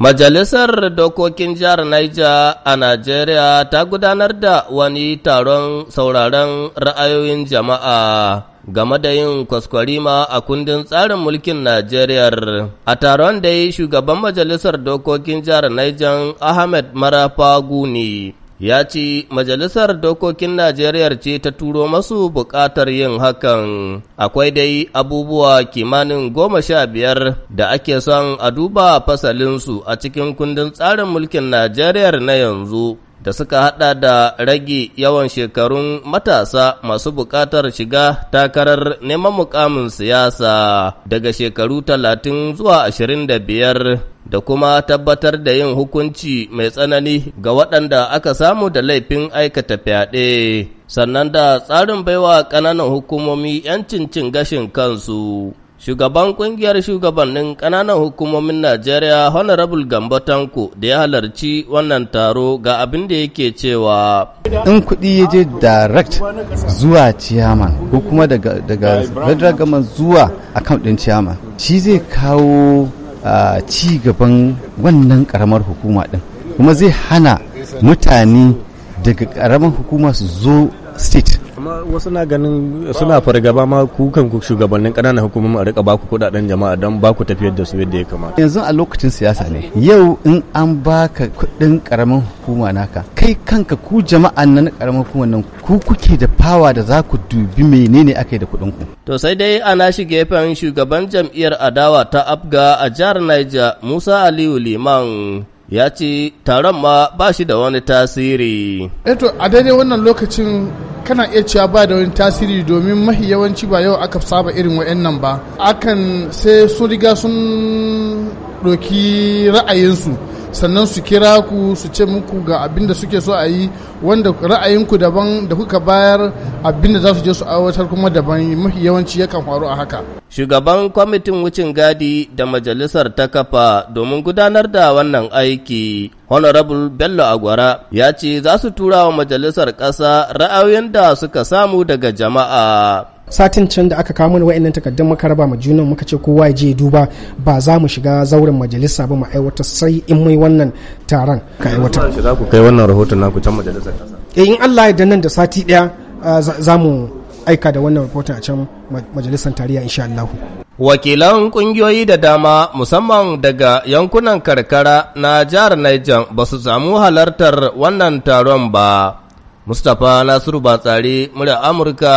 Majalisar Dokokin Jihar Naija a Najeriya ta gudanar da wani taron sauraron ra'ayoyin jama'a game da yin kwaskwarima a kundin tsarin mulkin Najeriya. A taron dai shugaban Majalisar Dokokin Jihar Naija Ahmed Marafa Guni ya ce majalisar dokokin Najeriya ce ta turo masu buƙatar yin hakan. Akwai dai abubuwa kimanin goma sha biyar da ake son a duba fasalinsu a cikin kundin tsarin mulkin Najeriya na yanzu. da suka hada da rage yawan shekarun matasa masu bukatar shiga takarar neman mukamin siyasa daga shekaru talatin zuwa ashirin da biyar da kuma tabbatar da yin hukunci mai tsanani ga waɗanda aka samu da laifin aikata fyaɗe sannan da tsarin baiwa ƙananan hukumomi 'yancin cin gashin kansu Shugaban kungiyar shugabannin ƙananan hukumomin Najeriya Honorable Gambo Tanko da ya halarci wannan taro ga abin da yake cewa. In kuɗi ya je direct zuwa ciyama ko kuma daga federal government zuwa account ɗin ciyaman shi zai kawo ci gaban wannan karamar hukuma ɗin kuma zai hana mutane daga ƙaramar hukuma su zo state kuma wasu na ganin suna fargaba ma ku kan ku shugabannin kananan hukumomi a rika baku kudaden jama'a don baku tafiyar da su yadda ya kamata yanzu a lokacin siyasa ne yau in an baka kudin karamin hukuma naka kai kanka ku jama'an nan karamin hukuma nan ku kuke da fawa da za ku dubi menene aka da kudin ku to sai dai ana shi gefen shugaban jam'iyyar adawa ta afga a jihar Niger Musa Aliyu Liman ya ce taron ma ba shi da wani tasiri. Eto eh a daidai wannan lokacin kana iya cewa ba da wani tasiri domin mahi yawanci ba yau aka saba irin wa'annan ba akan sai sun riga sun ɗoki ra'ayinsu sannan su kira ku su ce muku ga abin da suke so a yi wanda ra'ayinku daban da kuka bayar abin da za su je su aiwatar kuma daban mafi yawanci yakan faru a haka shugaban kwamitin wucin gadi da majalisar ta kafa domin gudanar da wannan aiki honorable bello agwara ya ce za su tura wa majalisar ƙasa ra'ayoyin da suka samu daga jama'a satin can da aka kawo mana wa'annan takardun muka raba ma junan muka ce kowa ya je duba ba za mu shiga zauren majalisa ba mu aiwatar sai in mai wannan taron ka aiwatar kai wannan rahoton naku can majalisar eh, in Allah ya nan da sati daya ah, za mu aika da wannan rahoton a can majalisar tarayya insha Allah wakilan kungiyoyi da dama musamman daga yankunan karkara na jihar Niger ba su samu halartar wannan taron ba Mustapha Nasiru Batsari murya Amurka